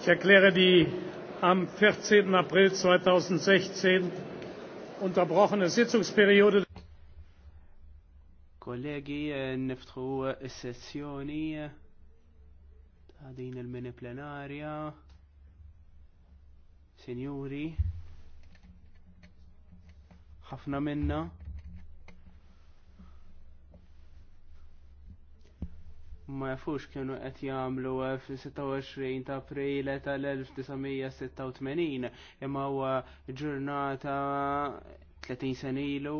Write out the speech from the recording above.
Ich erkläre die am 14. April 2016 unterbrochene Sitzungsperiode. Kollegi, eh, niftħu s-sessjoni eh, eh, ta' din il-mini plenarja. Signori, ħafna minna. ma jafux kienu qed jagħmlu f'26 ta' April tal-1986 imma huwa ġurnata 30 sen ilu